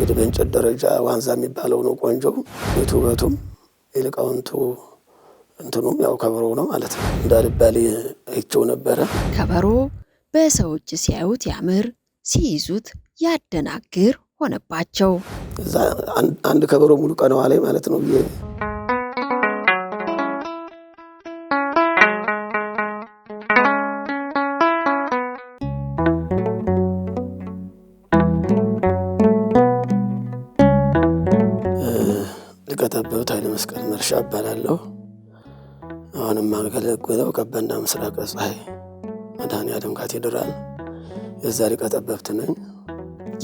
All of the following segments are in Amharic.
እንግዲህ በእንጨት ደረጃ ዋንዛ የሚባለው ነው ቆንጆ ቤቱ ውበቱም የሊቃውንቱ እንትኑም ያው ከበሮ ነው ማለት ነው። እንዳልባል አይቼው ነበረ። ከበሮ በሰው እጅ ሲያዩት ያምር፣ ሲይዙት ያደናግር ሆነባቸው። እዛ አንድ ከበሮ ሙሉ ቀነዋ ላይ ማለት ነው። መርሻ እባላለሁ። አሁንም አገለግለው ቀበና ምስራቅ ፀሐይ መድኃኔዓለም ካቴድራል የዛ ሊቀ ጠበብት ነኝ።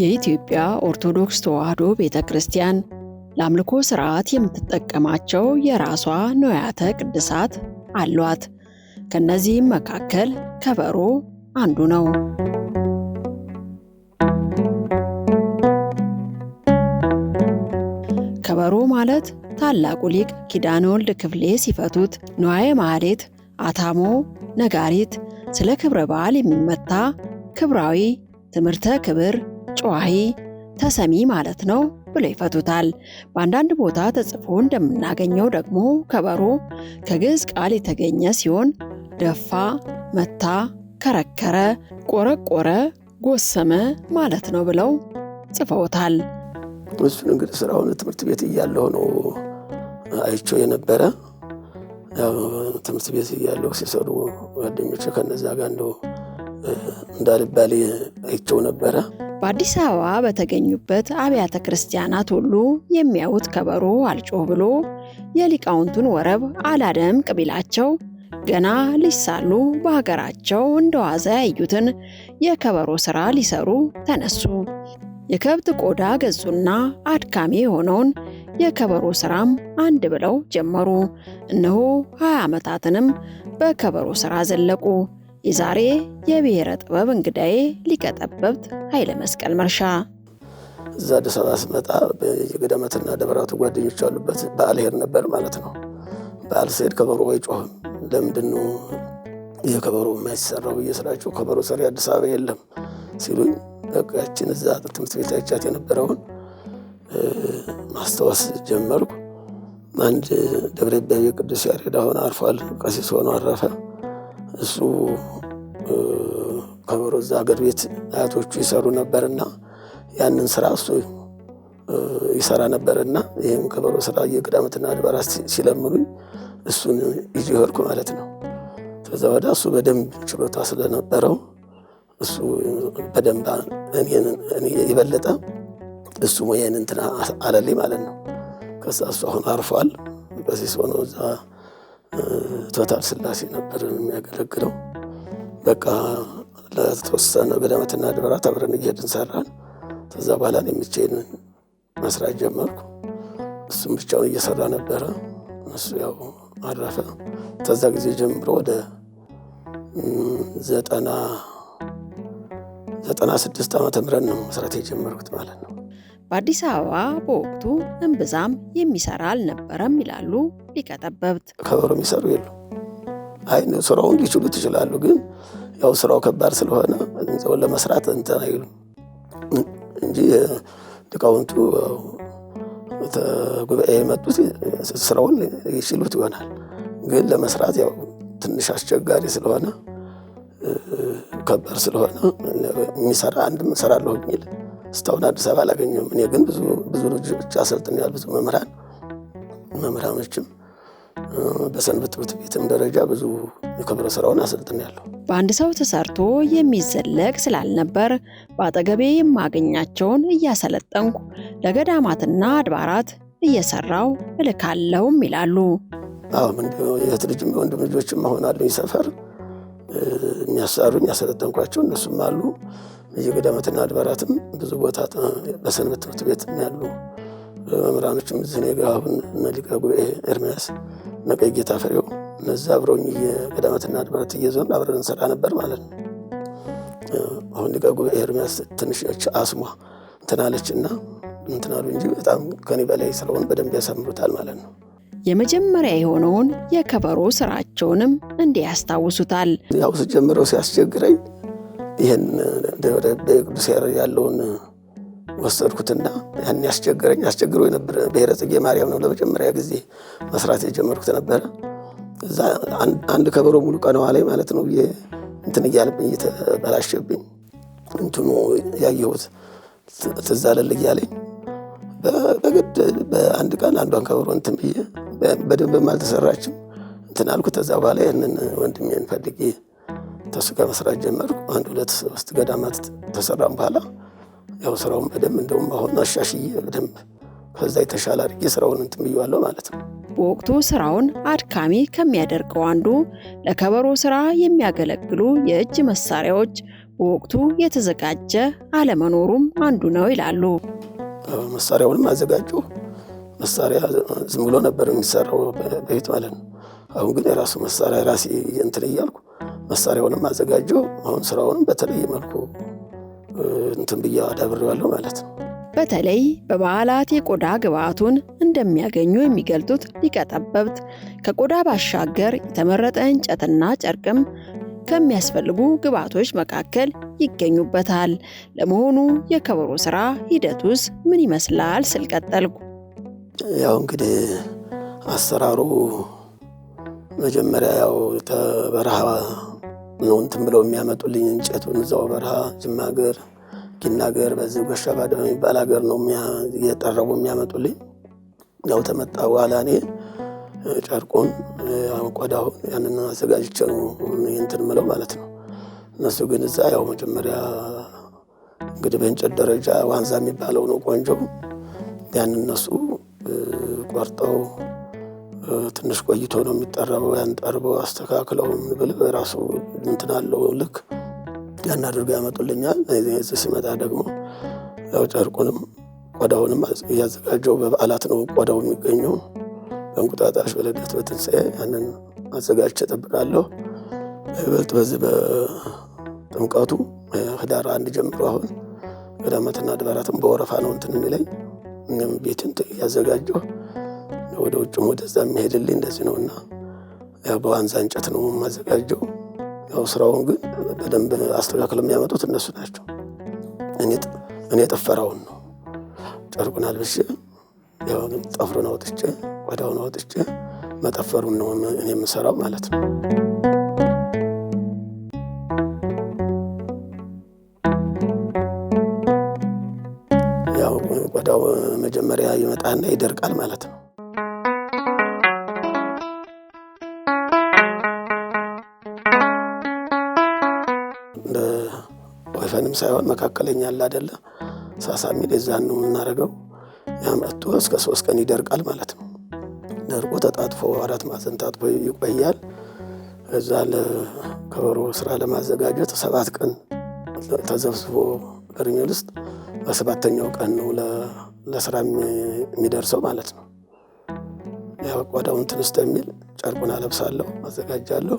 የኢትዮጵያ ኦርቶዶክስ ተዋሕዶ ቤተ ክርስቲያን ለአምልኮ ስርዓት የምትጠቀማቸው የራሷ ንዋያተ ቅድሳት አሏት። ከእነዚህም መካከል ከበሮ አንዱ ነው። ጀመሩ ማለት ታላቁ ሊቅ ኪዳነ ወልድ ክፍሌ ሲፈቱት ንዋየ ማህሌት፣ አታሞ፣ ነጋሪት፣ ስለ ክብረ በዓል የሚመታ ክብራዊ፣ ትምህርተ ክብር፣ ጨዋሂ ተሰሚ ማለት ነው ብለው ይፈቱታል። በአንዳንድ ቦታ ተጽፎ እንደምናገኘው ደግሞ ከበሮ ከግዕዝ ቃል የተገኘ ሲሆን ደፋ፣ መታ፣ ከረከረ፣ ቆረቆረ፣ ጎሰመ ማለት ነው ብለው ጽፈውታል። እሱን እንግዲህ ስራውን ትምህርት ቤት እያለሁ ነው አይቼው የነበረ። ትምህርት ቤት እያለሁ ሲሰሩ ጓደኞቼ ከነዛ ጋር እንደው እንዳልባሌ አይቼው ነበረ። በአዲስ አበባ በተገኙበት አብያተ ክርስቲያናት ሁሉ የሚያዩት ከበሮ አልጮህ ብሎ የሊቃውንቱን ወረብ አላደምቅ ቢላቸው ገና ልጅ ሳሉ በሀገራቸው እንደዋዛ ያዩትን የከበሮ ስራ ሊሰሩ ተነሱ። የከብት ቆዳ ገጹና አድካሚ የሆነውን የከበሮ ሥራም አንድ ብለው ጀመሩ። እነሆ 20 ዓመታትንም በከበሮ ሥራ ዘለቁ። የዛሬ የብሔረ ጥበብ እንግዳዬ ሊቀ ጠበብት ኃይለ መስቀል መርሻ። እዛ አዲስ አበባ ስመጣ የገዳማትና ደብራቱ ጓደኞች አሉበት በዓል ሄድ ነበር ማለት ነው። በዓል ስሄድ ከበሮ አይጮህም። ለምንድን ነው ይህ ከበሮ የማይሰራው? እየስራቸው ከበሮ ሰሪ አዲስ አበባ የለም ሲሉኝ በቃችን እዛ ትምህርት ቤት የነበረውን ማስታወስ ጀመርኩ። አንድ ደብረ ቅዱስ ያሬድ አሁን አርፏል፣ ቀሲስ ሆኖ አረፈ። እሱ ከበሮ እዛ አገር ቤት አያቶቹ ይሰሩ ነበርና ያንን ስራ እሱ ይሰራ ነበርና ይህም ከበሮ ስራ የገዳማትና አድባራት ሲለምኑኝ እሱን ይዤ ሄድኩ ማለት ነው። ከዛ ወዲያ እሱ በደንብ ችሎታ ስለነበረው እሱ በደንብ የበለጠ እሱ ሙያን እንትና አለልኝ ማለት ነው። ከዛ እሱ አሁን አርፏል። በዚህ ሰሆነ እዛ ቶታል ስላሴ ነበር የሚያገለግለው። በቃ ለተወሰነ በደመትና ድበራ ተብረን እየሄድን ሰራን። ከዛ በኋላ የምቼን መስራት ጀመርኩ። እሱም ብቻውን እየሰራ ነበረ። እሱ ያው አረፈ። ከዛ ጊዜ ጀምሮ ወደ ዘጠና 96 ዓመተ ምህረት ነው መስራት የጀመርኩት ማለት ነው። በአዲስ አበባ በወቅቱ እምብዛም የሚሰራ አልነበረም ይላሉ ሊቀጠበብት። ከበሮ የሚሰሩ የሉ። አይ ስራውን ሊችሉ ትችላሉ፣ ግን ያው ስራው ከባድ ስለሆነ እንትን ለመስራት እንትን እንጂ ሊቃውንቱ ጉባኤ የመጡት ስራውን ይችሉት ይሆናል፣ ግን ለመስራት ያው ትንሽ አስቸጋሪ ስለሆነ ከባድ ስለሆነ የሚሰራ አንድም እሰራለሁ የሚል እስካሁን አዲስ አበባ አላገኘሁም። እኔ ግን ብዙ ልጆች አሰልጥኛለሁ፣ ብዙ መምህራን መምህራኖችም በሰንበት ትምህርት ቤትም ደረጃ ብዙ የክብረ ስራውን አሰልጥኛለሁ። በአንድ ሰው ተሰርቶ የሚዘለቅ ስላልነበር በአጠገቤ የማገኛቸውን እያሰለጠንኩ ለገዳማትና አድባራት እየሰራው እልካለውም ይላሉ። አሁን የእህት ልጅም ወንድም ልጆችም አሁን አሉኝ ሰፈር የሚያሰሩ የሚያሰለጠንኳቸው እነሱም አሉ። በየገዳማትና አድባራትም ብዙ ቦታ በሰንበት ትምህርት ቤት ያሉ መምህራኖችም እዚህ እኔ ጋር እነ ሊቀ ጉባኤ ኤርሚያስ እነ ጌታ ፍሬው እነዚህ አብረውኝ የገዳማትና አድባራት እየዞን አብረን እንሰራ ነበር ማለት ነው። አሁን ሊቀ ጉባኤ ኤርሚያስ ትንሽች አስሟ እንትናለች እና እንትናሉ እንጂ በጣም ከኔ በላይ ስለሆን በደንብ ያሳምሩታል ማለት ነው። የመጀመሪያ የሆነውን የከበሮ ስራቸውንም እንዲህ ያስታውሱታል። ያው ስጀምረው ሲያስቸግረኝ ይህን ቅዱስ ያለውን ወሰድኩትና ያን ያስቸግረኝ አስቸግሮ የነበረ ብሔረ ጽጌ ማርያም ነው ለመጀመሪያ ጊዜ መስራት የጀመርኩት ነበረ። እዛ አንድ ከበሮ ሙሉ ቀነዋ ላይ ማለት ነው እንትን እያለብኝ እየተበላሸብኝ እንትኑ ያየሁት ትዝ አለልኝ እያለኝ በግድ በአንድ ቀን አንዷን ከበሮ እንትን ብዬ በደንብም አልተሰራችም እንትን አልኩ። ተዛ በኋላ ይህንን ወንድሜን ፈልጌ ተሱ ጋር መስራት ጀመርኩ። አንድ ሁለት ሶስት ገዳማት ተሰራም በኋላ ያው ስራውን በደንብ እንደውም አሁን አሻሽዬ በደንብ ከዛ የተሻለ አድርጌ ስራውን እንትን ብዬዋለሁ ማለት ነው። በወቅቱ ስራውን አድካሚ ከሚያደርገው አንዱ ለከበሮ ስራ የሚያገለግሉ የእጅ መሳሪያዎች በወቅቱ የተዘጋጀ አለመኖሩም አንዱ ነው ይላሉ። መሳሪያውንም አዘጋጁ። መሳሪያ ዝም ብሎ ነበር የሚሰራው በፊት ማለት ነው። አሁን ግን የራሱ መሳሪያ ራሴ እንትን እያልኩ መሳሪያውንም አዘጋጁ። አሁን ስራውንም በተለየ መልኩ እንትን ብዬ አዳብሬዋለሁ ማለት ነው። በተለይ በበዓላት የቆዳ ግብዓቱን እንደሚያገኙ የሚገልጡት ሊቀጠበብት ከቆዳ ባሻገር የተመረጠ እንጨትና ጨርቅም ከሚያስፈልጉ ግብዓቶች መካከል ይገኙበታል። ለመሆኑ የከበሮ ስራ ሂደቱስ ምን ይመስላል ስል ቀጠልኩ። ያው እንግዲህ አሰራሩ መጀመሪያ ያው ተበረሃ ነው እንትን ብለው የሚያመጡልኝ እንጨቱን እዛው በረሃ ጅማገር ጊናገር ጊና ሀገር በዚህ ጎሻ ባዳ የሚባል ሀገር ነው እየጠረቡ የሚያመጡልኝ። ያው ተመጣ በኋላ እኔ ጨርቁን ቆዳሁን ያንን አዘጋጅቼ ነው እንትን ምለው ማለት ነው። እነሱ ግን እዛ ያው መጀመሪያ እንግዲህ በእንጨት ደረጃ ዋንዛ የሚባለው ነው ቆንጆ። ያን እነሱ ቆርጠው ትንሽ ቆይቶ ነው የሚጠረበው። ያን ጠርበው አስተካክለው ብል ራሱ እንትን አለው ልክ ያን አድርገው ያመጡልኛል። ዚ ሲመጣ ደግሞ ያው ጨርቁንም ቆዳውንም እያዘጋጀው በበዓላት ነው ቆዳው የሚገኘው። በእንቁጣጣሽ በልደት በትንሣኤ ያንን አዘጋጅቼ እጠብቃለሁ። ይበልጥ በዚህ በጥምቀቱ ህዳር አንድ ጀምሮ አሁን ገዳማትና አድባራትም በወረፋ ነው እንትን የሚለኝ እም ቤትን ያዘጋጀሁ ወደ ውጭም ወደዛ የሚሄድልኝ እንደዚህ ነው እና ያው በዋንዛ እንጨት ነው የማዘጋጀው። ያው ስራውን ግን በደንብ አስተካክል የሚያመጡት እነሱ ናቸው። እኔ ጠፈራውን ነው ጨርቁን አልብሼ ያውንም ጠፍሩን አውጥቼ ቆዳውን አውጥቼ መጠፈሩን ነው እኔ የምሰራው ማለት ነው። ቆዳው መጀመሪያ ይመጣና ይደርቃል ማለት ነው። እንደ ወይፈንም ሳይሆን መካከለኛ አለ አይደለ ሳሳ የሚል የዛን ነው የምናደርገው። መቶ እስከ ሶስት ቀን ይደርቃል ማለት ነው። ደርቆ ተጣጥፎ አራት ማዕዘን ታጥፎ ይቆያል። እዛ ለከበሮ ስራ ለማዘጋጀት ሰባት ቀን ተዘብስቦ በርሜል ውስጥ በሰባተኛው ቀን ነው ለስራ የሚደርሰው ማለት ነው። ያው ቆዳውን ትንስ የሚል ጨርቁን አለብሳለሁ፣ አዘጋጃለሁ።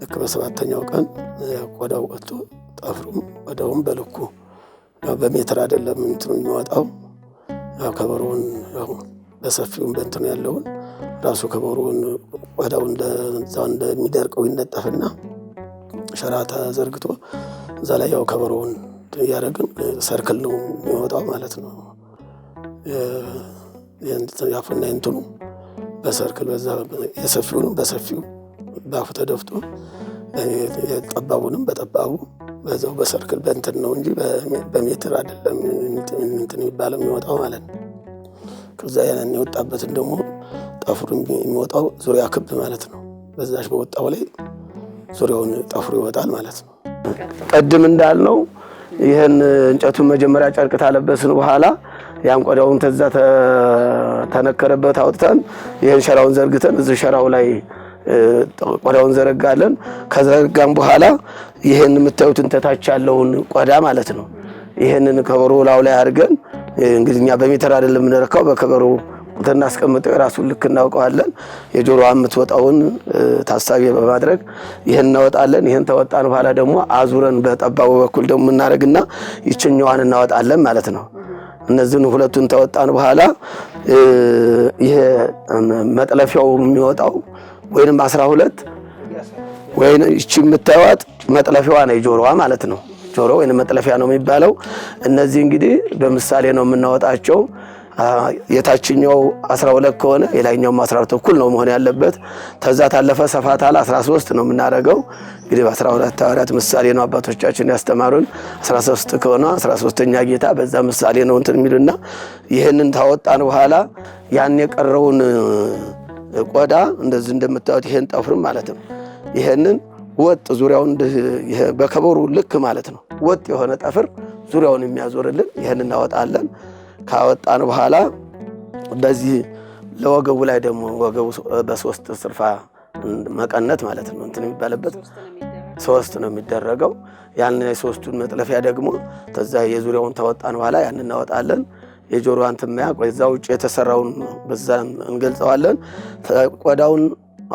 ልክ በሰባተኛው ቀን ቆዳው ወጥቶ ጠፍሩም ቆዳውም በልኩ በሜትር አይደለም እንትኑ የሚወጣው ከበሮውን በሰፊው በንትን ያለውን ራሱ ከበሮውን ቆዳው እንደሚደርቀው ይነጠፍና ሸራ ተዘርግቶ እዛ ላይ ያው ከበሮውን እያደረግን ሰርክል ነው የሚወጣው ማለት ነው። ያፉና ይንትኑ በሰርክል በዛ የሰፊውንም በሰፊው ባፉ ተደፍቶ ጠባቡንም በጠባቡ በዛው በሰርክል በእንትን ነው እንጂ በሜትር አይደለም እንትን የሚባለው የሚወጣው ማለት ነው። ከዛ ያንን የወጣበትን ደግሞ ጠፍሩ የሚወጣው ዙሪያ ክብ ማለት ነው። በዛሽ በወጣው ላይ ዙሪያውን ጠፍሩ ይወጣል ማለት ነው። ቅድም እንዳልነው ይህን እንጨቱን መጀመሪያ ጨርቅ ታለበስን በኋላ ያን ቆዳውን ተዛ ተነከረበት አውጥተን ይህን ሸራውን ዘርግተን እዚህ ሸራው ላይ ቆዳውን ዘረጋለን። ከዘረጋም በኋላ ይህን የምታዩትን ተታች ያለውን ቆዳ ማለት ነው። ይህንን ከበሮ ላው ላይ አድርገን እንግዲህ እኛ በሜትር አይደለም የምንረካው በከበሮ እናስቀምጠው የራሱን ልክ እናውቀዋለን። የጆሮ የምትወጣውን ታሳቢ በማድረግ ይህን እናወጣለን። ይህን ተወጣን በኋላ ደግሞ አዙረን በጠባቡ በኩል ደግሞ እናደርግና ይችኛዋን እናወጣለን ማለት ነው። እነዚህን ሁለቱን ተወጣን በኋላ ይሄ መጥለፊያው የሚወጣው ወይንም 12 ሁለት ወይን እቺ የምታዩት መጥለፊዋ ነው፣ ጆሮዋ ማለት ነው። ጆሮ ወይንም መጥለፊያ ነው የሚባለው። እነዚህ እንግዲህ በምሳሌ ነው የምናወጣቸው። የታችኛው 12 ከሆነ የላይኛውም 12 እኩል ነው መሆን ያለበት። ተዛ ታለፈ ሰፋት አለ 13 ነው የምናደርገው። እንግዲህ በ12 ሐዋርያት ምሳሌ ነው አባቶቻችን ያስተማሩን። 13 ከሆነ 13ኛ ጌታ በዛ ምሳሌ ነው እንትን የሚሉና ይህንን ታወጣን በኋላ ያን የቀረውን ቆዳ እንደዚህ እንደምታዩት ይሄን ጠፍርም ማለት ነው። ይሄንን ወጥ ዙሪያውን በከበሩ ልክ ማለት ነው። ወጥ የሆነ ጠፍር ዙሪያውን የሚያዞርልን ይሄን እናወጣለን። ካወጣን በኋላ በዚህ ለወገቡ ላይ ደግሞ ወገቡ በሶስት ስርፋ መቀነት ማለት ነው እንትን የሚባልበት ሶስት ነው የሚደረገው። ያን የሶስቱን መጥለፊያ ደግሞ ተዛ የዙሪያውን ታወጣን በኋላ ያን እናወጣለን። የጆሮ ትመያ እዛ ውጭ የተሰራውን በዛን እንገልጸዋለን። ቆዳውን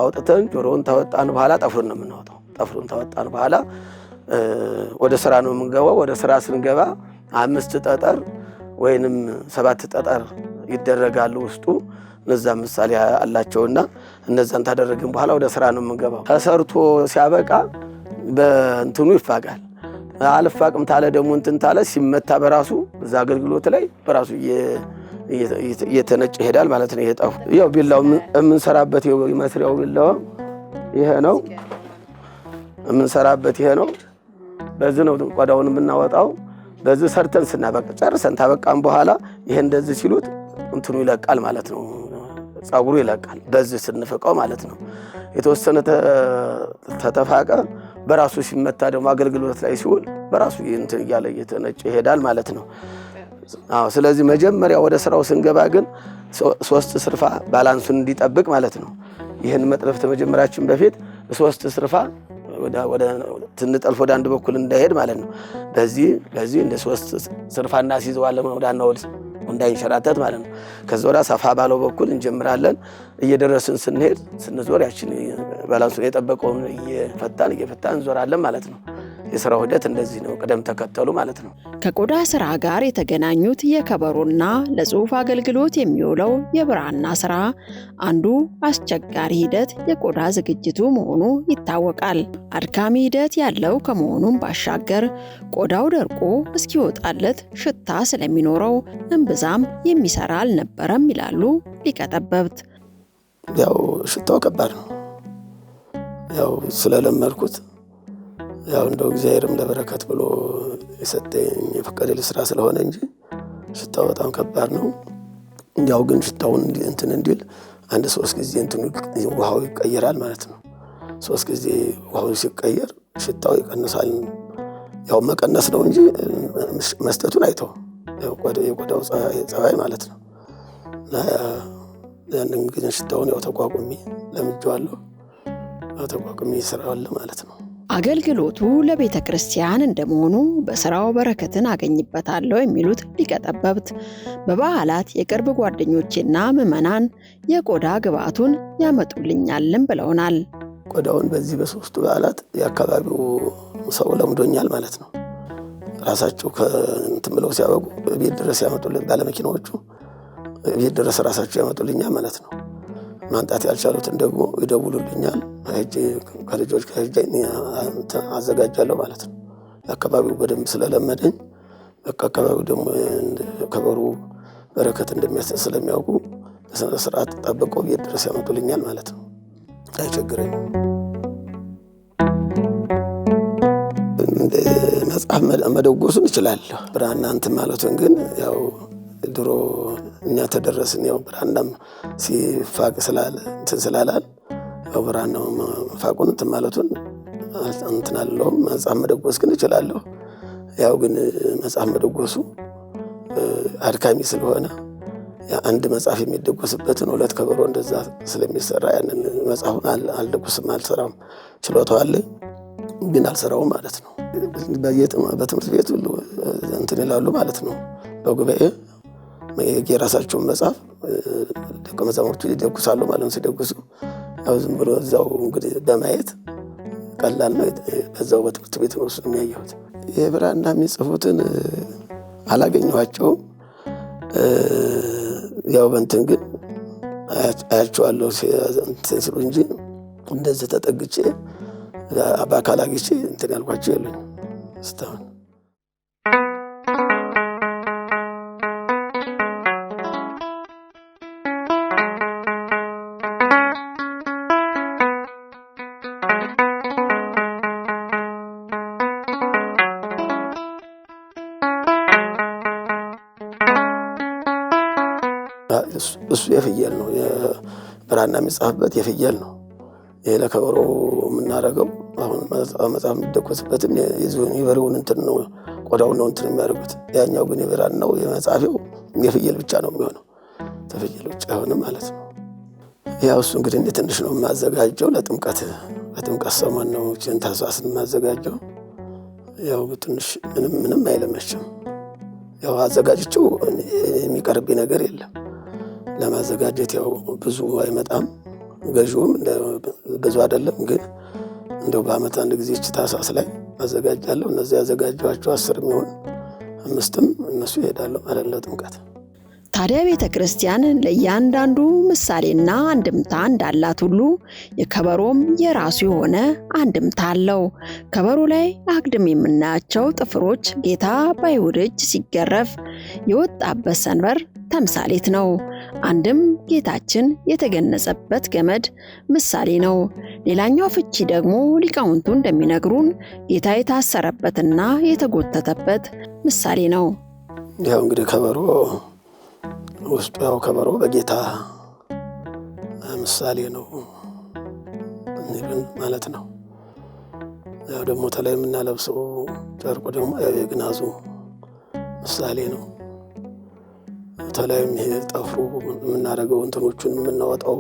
አውጥተን ጆሮውን ታወጣን በኋላ ጠፍሩን ነው የምናወጣው። ጠፍሩን ታወጣን በኋላ ወደ ስራ ነው የምንገባው። ወደ ስራ ስንገባ አምስት ጠጠር ወይንም ሰባት ጠጠር ይደረጋሉ ውስጡ እነዛ ምሳሌ አላቸውና እነዛን ታደረግን በኋላ ወደ ስራ ነው የምንገባው። ተሰርቶ ሲያበቃ በእንትኑ ይፋጋል አልፍ አቅም ታለ ደግሞ እንትን ታለ ሲመታ በራሱ እዛ አገልግሎት ላይ በራሱ እየተነጭ ይሄዳል ማለት ነው። ይሄ ያው ቢላው የምንሰራበት መስሪያው ቢላው ይሄ ነው የምንሰራበት ይሄ ነው። በዚህ ነው ቆዳውን የምናወጣው። በዚህ ሰርተን ስናበቃ ጨርሰን ታበቃም በኋላ ይሄ እንደዚህ ሲሉት እንትኑ ይለቃል ማለት ነው። ጸጉሩ ይለቃል በዚህ ስንፍቀው ማለት ነው። የተወሰነ ተተፋቀ በራሱ ሲመታ ደግሞ አገልግሎት ላይ ሲውል በራሱ እንትን እያለ እየተነጨ ይሄዳል ማለት ነው። ስለዚህ መጀመሪያ ወደ ስራው ስንገባ ግን ሶስት ስርፋ ባላንሱን እንዲጠብቅ ማለት ነው። ይህን መጥለፍ ተመጀመራችን በፊት ሶስት ስርፋ ትንጠልፍ ወደ አንድ በኩል እንዳይሄድ ማለት ነው። በዚህ በዚህ እንደ ሶስት ስርፋ እናስይዘዋለን ወዳና ወዲህ እንዳይንሸራተት ማለት ነው። ከዚ ወዲያ ሰፋ ባለው በኩል እንጀምራለን። እየደረስን ስንሄድ ስንዞር ያችን ባላንሱን የጠበቀውን እየፈታን እየፈታን እንዞራለን ማለት ነው። የስራው ሂደት እንደዚህ ነው፣ ቅደም ተከተሉ ማለት ነው። ከቆዳ ስራ ጋር የተገናኙት የከበሮና ለጽሁፍ አገልግሎት የሚውለው የብራና ስራ አንዱ አስቸጋሪ ሂደት የቆዳ ዝግጅቱ መሆኑ ይታወቃል። አድካሚ ሂደት ያለው ከመሆኑም ባሻገር ቆዳው ደርቆ እስኪወጣለት ሽታ ስለሚኖረው እምብዛም የሚሰራ አልነበረም ይላሉ ሊቀጠበብት። ያው ሽታው ከባድ ነው። ያው ስለለመድኩት ያው እንደው እግዚአብሔርም ለበረከት ብሎ የሰጠኝ የፈቀደ ስራ ስለሆነ እንጂ ሽታው በጣም ከባድ ነው። ያው ግን ሽታውን እንትን እንዲል አንድ ሶስት ጊዜ እንትኑ ውሃው ይቀየራል ማለት ነው። ሶስት ጊዜ ውሃው ሲቀየር ሽታው ይቀንሳል። ያው መቀነስ ነው እንጂ መስጠቱን አይተው የቆዳው ጸባይ ማለት ነው። ያንን ግን ሽታውን ያው ተቋቁሚ ለምጄዋለሁ፣ ተቋቁሚ ይሰራዋል ማለት ነው። አገልግሎቱ ለቤተ ክርስቲያን እንደመሆኑ በሥራው በረከትን አገኝበታለሁ የሚሉት ሊቀ ጠበብት በበዓላት የቅርብ ጓደኞቼና ምዕመናን የቆዳ ግብዓቱን ያመጡልኛልን ብለውናል። ቆዳውን በዚህ በሶስቱ በዓላት የአካባቢው ሰው ለምዶኛል ማለት ነው። ራሳቸው ከእንትን ብለው ሲያበቁ ቤት ድረስ ያመጡልን ባለመኪናዎቹ ቤት ድረስ ራሳቸው ያመጡልኛል ማለት ነው። ማምጣት ያልቻሉትን ደግሞ ይደውሉልኛል። ሄጄ ከልጆች ከሄጄ አዘጋጃለሁ ማለት ነው። አካባቢው በደንብ ስለለመደኝ በቃ አካባቢው ደግሞ ከበሩ በረከት እንደሚያስ ስለሚያውቁ ስርዓት ጠብቀው ቤት ድረስ ያመጡልኛል ማለት ነው። አይቸግረኝ። እንደ መጽሐፍ መደጎሱን እችላለሁ ብራና እንትን ማለቱን ግን ያው ድሮ እኛ ተደረስን ያው ብራንዳም ሲፋቅ ስላለ እንትን ስላላል ያው ብራናው ፋቁን እንትን ማለቱን እንትን አለውም መጽሐፍ መደጎስ ግን እችላለሁ። ያው ግን መጽሐፍ መደጎሱ አድካሚ ስለሆነ አንድ መጽሐፍ የሚደጎስበትን ሁለት ከበሮ እንደዛ ስለሚሰራ ያንን መጽሐፉን አልደጎስም፣ አልሰራም። ችሎታው ግን አልሰራውም ማለት ነው። በትምህርት ቤት እንትን ይላሉ ማለት ነው በጉባኤ የራሳቸውን መጽሐፍ ደቀ መዛሙርቱ ይደጉሳሉ ማለት ነው። ሲደጉሱ ያው ዝም ብሎ እዛው እንግዲህ በማየት ቀላል ነው። በዛው በትምህርት ቤት ነው እሱን የሚያየሁት። የብራና የሚጽፉትን አላገኘኋቸውም። ያው በእንትን ግን አያቸዋለሁ እንትን እንጂ እንደዚህ ተጠግቼ በአካል አግኝቼ እንትን ያልኳቸው የሉኝ እስካሁን። እሱ የፍየል ነው። ብራና የሚጻፍበት የፍየል ነው። ይሄ ለከበሮ የምናደርገው አሁን መጽሐፍ የሚደኮስበትም የበሬውን እንትን ነው፣ ቆዳውን ነው እንትን የሚያደርጉት። ያኛው ግን የብራን ነው የመጻፊው የፍየል ብቻ ነው የሚሆነው። ተፍየል ውጭ አይሆንም ማለት ነው። ያው እሱ እንግዲህ እንደ ትንሽ ነው የማዘጋጀው ለጥምቀት በጥምቀት ሰሞን ነው ችን ታህሳስን የማዘጋጀው። ያው ትንሽ ምንም ምንም አይለመችም። ያው አዘጋጅችው የሚቀርብኝ ነገር የለም። ለማዘጋጀት ያው ብዙ አይመጣም፣ ገዥውም ብዙ አይደለም። ግን እንደው በአመት አንድ ጊዜ እች ታህሳስ ላይ አዘጋጃለሁ። እነዚ ያዘጋጀኋቸው አስር የሚሆን አምስትም እነሱ ይሄዳሉ ማለት ለጥምቀት። ታዲያ ቤተ ክርስቲያን ለእያንዳንዱ ምሳሌና አንድምታ እንዳላት ሁሉ የከበሮም የራሱ የሆነ አንድምታ አለው። ከበሮ ላይ አግድም የምናያቸው ጥፍሮች ጌታ በአይሁድ እጅ ሲገረፍ የወጣበት ሰንበር ተምሳሌት ነው። አንድም ጌታችን የተገነጸበት ገመድ ምሳሌ ነው። ሌላኛው ፍቺ ደግሞ ሊቃውንቱ እንደሚነግሩን ጌታ የታሰረበትና የተጎተተበት ምሳሌ ነው። ያው እንግዲህ ከበሮ ውስጡ ያው ከበሮ በጌታ ምሳሌ ነው ማለት ነው። ያው ደግሞ ተለይ የምናለብሰው ጨርቁ ደግሞ የግናዙ ምሳሌ ነው። ተላይም ይሄ ጠፍሮ የምናደርገው እንትኖቹን የምናወጣው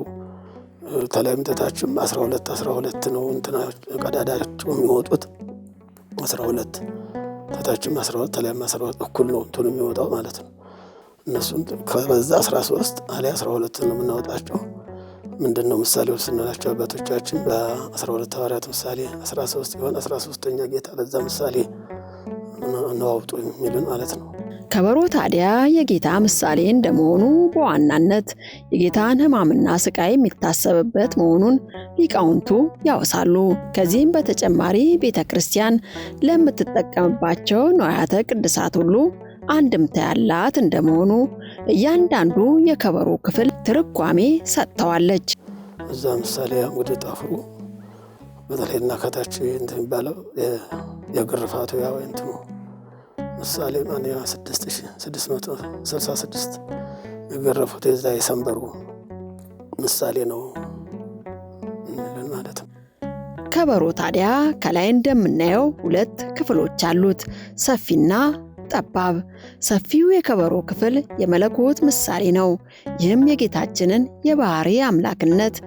ተላይም ተታችም አስራ ሁለት አስራ ሁለት ነው እንትና ቀዳዳቸው የሚወጡት አስራ ሁለት ተታችም አስራ ሁለት ተላይም አስራ ሁለት እኩል ነው እንትኑ የሚወጣው ማለት ነው። እነሱም ከበዛ አስራ ሶስት አሊያ አስራ ሁለት ነው የምናወጣቸው። ምንድን ነው ምሳሌው ስንላቸው አባቶቻችን በአስራ ሁለት ሐዋርያት ምሳሌ አስራ ሶስት ሲሆን አስራ ሶስተኛ ጌታ በዛ ምሳሌ ነው አውጡ የሚልን ማለት ነው። ከበሮ ታዲያ የጌታ ምሳሌ እንደመሆኑ በዋናነት የጌታን ሕማምና ስቃይ የሚታሰብበት መሆኑን ሊቃውንቱ ያወሳሉ። ከዚህም በተጨማሪ ቤተ ክርስቲያን ለምትጠቀምባቸው ንዋያተ ቅድሳት ሁሉ አንድምታ ያላት እንደመሆኑ እያንዳንዱ የከበሮ ክፍል ትርጓሜ ሰጥተዋለች። እዛ ምሳሌ ወደ ጣፍሩ በተለይና ከታች የሚባለው የግርፋቱ ያ ምሳሌ ማንያ 6666 የገረፉት የዛ የሰንበሩ ምሳሌ ነው እንላለን ማለት ነው። ከበሮ ታዲያ ከላይ እንደምናየው ሁለት ክፍሎች አሉት፣ ሰፊና ጠባብ። ሰፊው የከበሮ ክፍል የመለኮት ምሳሌ ነው። ይህም የጌታችንን የባህሪ አምላክነት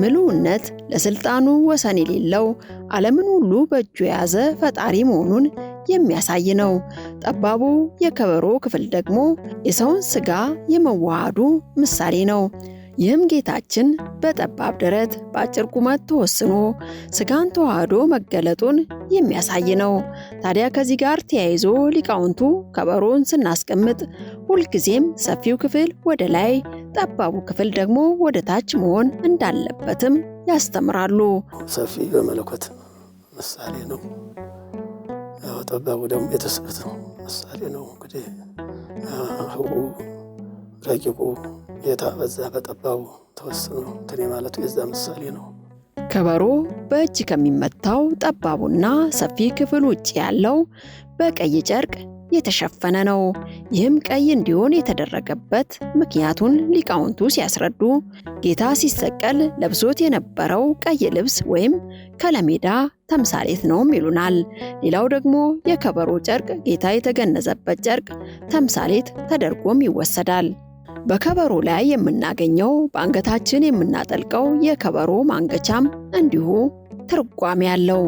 ምሉዕነት ለስልጣኑ ወሰን የሌለው ዓለምን ሁሉ በእጁ የያዘ ፈጣሪ መሆኑን የሚያሳይ ነው። ጠባቡ የከበሮ ክፍል ደግሞ የሰውን ሥጋ የመዋሃዱ ምሳሌ ነው። ይህም ጌታችን በጠባብ ደረት በአጭር ቁመት ተወስኖ ስጋን ተዋህዶ መገለጡን የሚያሳይ ነው። ታዲያ ከዚህ ጋር ተያይዞ ሊቃውንቱ ከበሮን ስናስቀምጥ ሁልጊዜም ሰፊው ክፍል ወደ ላይ፣ ጠባቡ ክፍል ደግሞ ወደ ታች መሆን እንዳለበትም ያስተምራሉ። ሰፊ በመለኮት ምሳሌ ነው። ጠባቡ ደግሞ የተስበት ምሳሌ ነው። እንግዲህ ረቂቁ ጌታ በዛ በጠባቡ ተወስኖ ትኔ ማለቱ የዛ ምሳሌ ነው። ከበሮ በእጅ ከሚመታው ጠባቡና ሰፊ ክፍል ውጭ ያለው በቀይ ጨርቅ የተሸፈነ ነው። ይህም ቀይ እንዲሆን የተደረገበት ምክንያቱን ሊቃውንቱ ሲያስረዱ ጌታ ሲሰቀል ለብሶት የነበረው ቀይ ልብስ ወይም ከለሜዳ ተምሳሌት ነውም ይሉናል። ሌላው ደግሞ የከበሮ ጨርቅ ጌታ የተገነዘበት ጨርቅ ተምሳሌት ተደርጎም ይወሰዳል። በከበሮ ላይ የምናገኘው በአንገታችን የምናጠልቀው የከበሮ ማንገቻም እንዲሁ ትርጓሜ ያለው።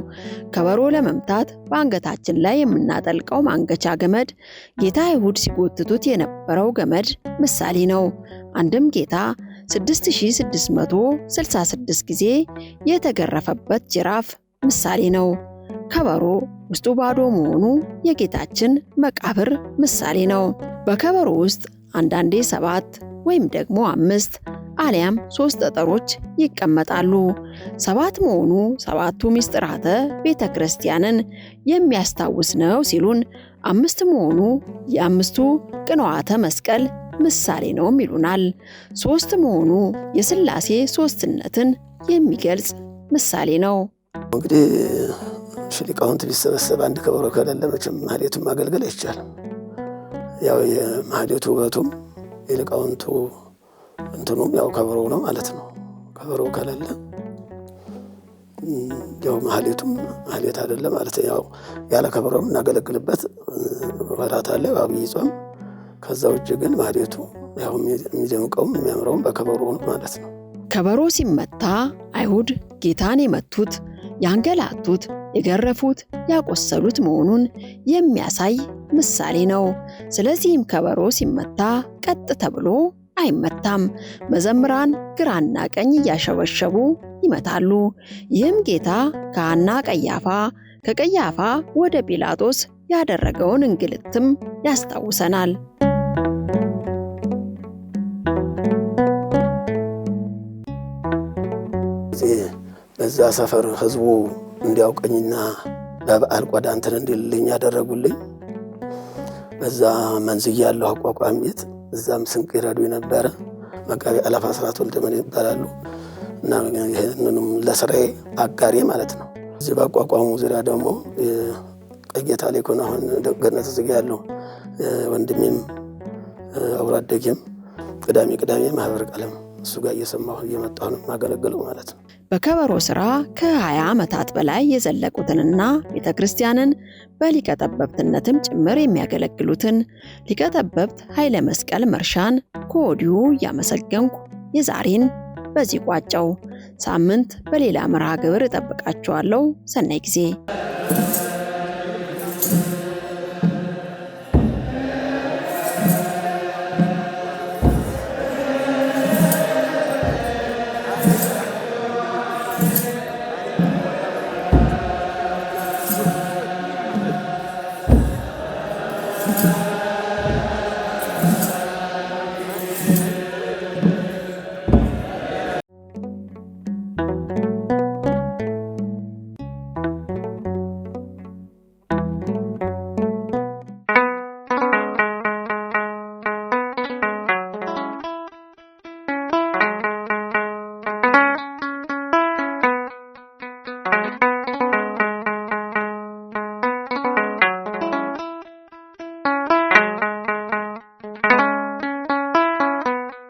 ከበሮ ለመምታት በአንገታችን ላይ የምናጠልቀው ማንገቻ ገመድ ጌታ አይሁድ ሲጎትቱት የነበረው ገመድ ምሳሌ ነው። አንድም ጌታ 6666 ጊዜ የተገረፈበት ጅራፍ ምሳሌ ነው። ከበሮ ውስጡ ባዶ መሆኑ የጌታችን መቃብር ምሳሌ ነው። በከበሮ ውስጥ አንዳንዴ ሰባት ወይም ደግሞ አምስት አሊያም ሶስት ጠጠሮች ይቀመጣሉ። ሰባት መሆኑ ሰባቱ ሚስጥራተ ቤተ ክርስቲያንን የሚያስታውስ ነው ሲሉን፣ አምስት መሆኑ የአምስቱ ቅንዋተ መስቀል ምሳሌ ነውም ይሉናል። ሶስት መሆኑ የሥላሴ ሶስትነትን የሚገልጽ ምሳሌ ነው። እንግዲህ ሊቃውንት ቢሰበሰብ አንድ ከበሮ ከሌለ መቼም ማህሌቱን ማገልገል አይቻልም። ያው የማህሌቱ ውበቱም የሊቃውንቱ እንትኑም ያው ከበሮ ነው ማለት ነው። ከበሮ ከሌለ ያው ማህሌቱም ማህሌት አይደለ ማለት ያው ያለ ከበሮ እናገለግልበት ወራት አለ አብይ ጾም። ከዛ ውጭ ግን ማህሌቱ ያው የሚደምቀውም የሚያምረውም በከበሮ ነው ማለት ነው። ከበሮ ሲመታ አይሁድ ጌታን የመቱት ያንገላቱት የገረፉት፣ ያቆሰሉት መሆኑን የሚያሳይ ምሳሌ ነው። ስለዚህም ከበሮ ሲመታ ቀጥ ተብሎ አይመታም። መዘምራን ግራና ቀኝ እያሸበሸቡ ይመታሉ። ይህም ጌታ ከሐና ቀያፋ ከቀያፋ ወደ ጲላጦስ ያደረገውን እንግልትም ያስታውሰናል። በዛ ሰፈር ህዝቡ እንዲያውቀኝና በበዓል ቆዳ እንትን እንዲልልኝ ያደረጉልኝ። በዛ መንዝያ ያለው አቋቋም ቤት እዛም ስንቅ ይረዱ ነበረ። መጋቢ አላፍ አስራት ምን ይባላሉ እና ይህንንም ለስራዬ አጋሬ ማለት ነው። እዚህ በአቋቋሙ ዙሪያ ደግሞ ቀጌታ ላይ ኮን አሁን ገነት ዝግ ያለው ወንድሜም አውራደጌም ቅዳሜ ቅዳሜ ማህበር ቀለም እሱ ጋር እየሰማሁ እየመጣሁ ነው የማገለግለው ማለት ነው። በከበሮ ስራ ከ20 ዓመታት በላይ የዘለቁትንና ቤተ ክርስቲያንን በሊቀጠበብትነትም ጭምር የሚያገለግሉትን ሊቀጠበብት ኃይለ መስቀል መርሻን ከወዲሁ እያመሰገንኩ የዛሬን በዚህ ቋጨው። ሳምንት በሌላ መርሃ ግብር እጠብቃችኋለሁ። ሰናይ ጊዜ Thank you.